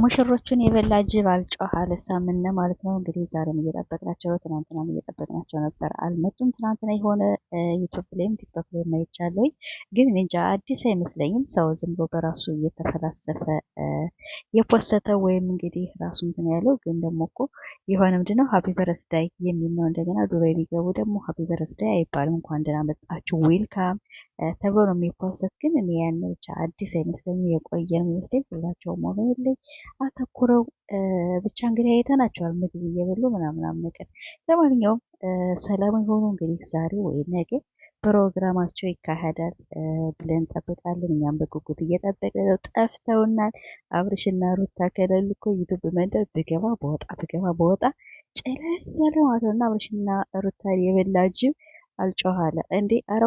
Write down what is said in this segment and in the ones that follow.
ሙሽሮቹን የበላ ጅብ አልጮኸ አልሳምነ ማለት ነው። እንግዲህ ዛሬም እየጠበቅናቸው ትናንትናም እየጠበቅናቸው ነበር፣ አልመጡም። ትናንትና የሆነ ዩቱብ ላይም ቲክቶክ ላይም አይቻለኝ፣ ግን እንጃ አዲስ አይመስለኝም። ሰው ዝም ብሎ በራሱ እየተፈላሰፈ የፖሰተ ወይም እንግዲህ ራሱ እንትን ያለው ግን ደግሞ እኮ የሆነ ምንድን ነው ሀፒ በረስዳይ የሚል ነው። እንደገና ዱባይ ቢገቡ ደግሞ ሀፒ በረስዳይ አይባልም፣ እንኳን ደህና መጣችሁ ዌልካም ተብሎ ነው የሚወሰድ። ግን እኔ ያን ብቻ አዲስ አይመስለኝም፣ የቆየ ነው የሚመስለኝ። ሁላቸውም ሆኖልኝ አተኩረው ብቻ እንግዲህ አይተናቸዋል፣ ምግብ እየበሉ ምናምናም ነገር። ለማንኛውም ሰላም የሆኑ እንግዲህ ዛሬ ወይ ነገ ፕሮግራማቸው ይካሄዳል ብለን እንጠብቃለን። እኛም በጉጉት እየጠበቀ ነው። ጠፍተውናል። አብርሽና ሩታ ከሌሉ እኮ ዩቱብ መንደር ብገባ በወጣ ብገባ በወጣ ጨለል ያለ ማለት ነው እና አብርሽና ሩታ የበላ አልጮኋለ እንዴ! አረ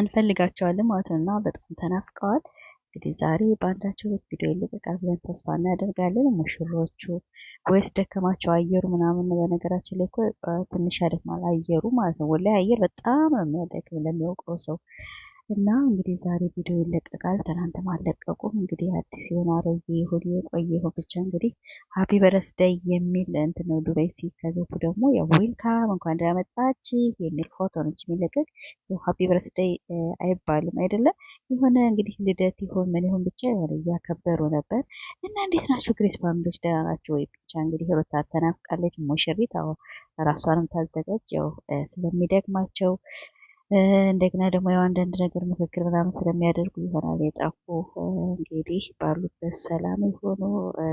እንፈልጋቸዋለን ማለት ነው እና በጣም ተናፍቀዋል። እንግዲህ ዛሬ በአንዳቸው ቤት ቪዲዮ ይለቀቃል ብለን ተስፋ እናደርጋለን። ሙሽሮቹ ወይስ ደከማቸው አየሩ ምናምን። በነገራችን ላይ እኮ ትንሽ ያደክማል አየሩ ማለት ነው። ወላሂ አየር በጣም ነው የሚያደክም ለሚያውቀው ሰው እና እንግዲህ ዛሬ ቪዲዮ ይለቀቃል። ትናንትም አልለቀቁም። እንግዲህ አዲስ የሆነ አሮጌ ይሁን የቆየ ይሁን ብቻ እንግዲህ ሀፒ በረስደይ የሚል እንትን ነው። ዱባይ ሲከገቡ ደግሞ ያው ዌልካም እንኳን ደህና መጣች የሚል ፎቶ ነው እንጂ የሚለቀቅ ያው ሀፒ በረስደይ አይባልም አይደለም። የሆነ እንግዲህ ልደት ይሁን ምን ይሁን ብቻ የሆነ እያከበሩ ነበር እና እንዴት ናቸው ግሬስ ፋሚሊዎች ደህና ናቸው ወይ? ብቻ እንግዲህ ሩታ ተናፍቃለች። ሞሸሪት ሙሽሪት ራሷንም ታዘጋጅ ያው ስለሚደግማቸው እንደገና ደግሞ ያው አንዳንድ ነገር ምክክር ምናምን ስለሚያደርጉ ይሆናል የጠፉ። እንግዲህ ባሉበት ሰላም የሆኑ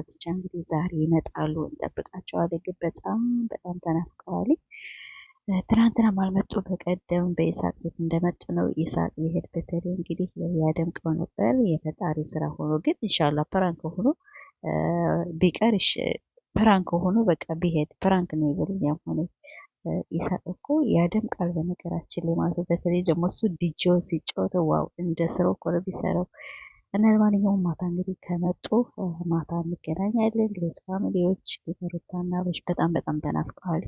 ብቻ እንግዲህ ዛሬ ይመጣሉ እንጠብቃቸዋለን። ግን በጣም በጣም ተናፍቀዋል። ትናንትና አልመጡም። በቀደም በኢሳቅ ቤት እንደመጡ ነው። ኢሳቅ ይሄድ በተለይ እንግዲህ ያደምቀው ነበር። የፈጣሪ ስራ ሆኖ ግን እንሻላ ፕራንክ ሆኖ ቢቀር ፕራንክ ሆኖ በቃ ቢሄድ ፕራንክ ነው ይበሉኛም ሆነ ይሳቅ እኮ ያደምቃል በነገራችን ላይ ማለት በተለይ ደግሞ እሱ ዲጄው ሲጫወት ዋው እንደ ስራው እኮ ነው የሚሰራው። እና ለማንኛውም ማታ እንግዲህ ከመጡ ማታ እንገናኛለን። ግሬስ ፋሚሊዎች ጌታሩታና በሽ በጣም በጣም ተናፍቀዋል።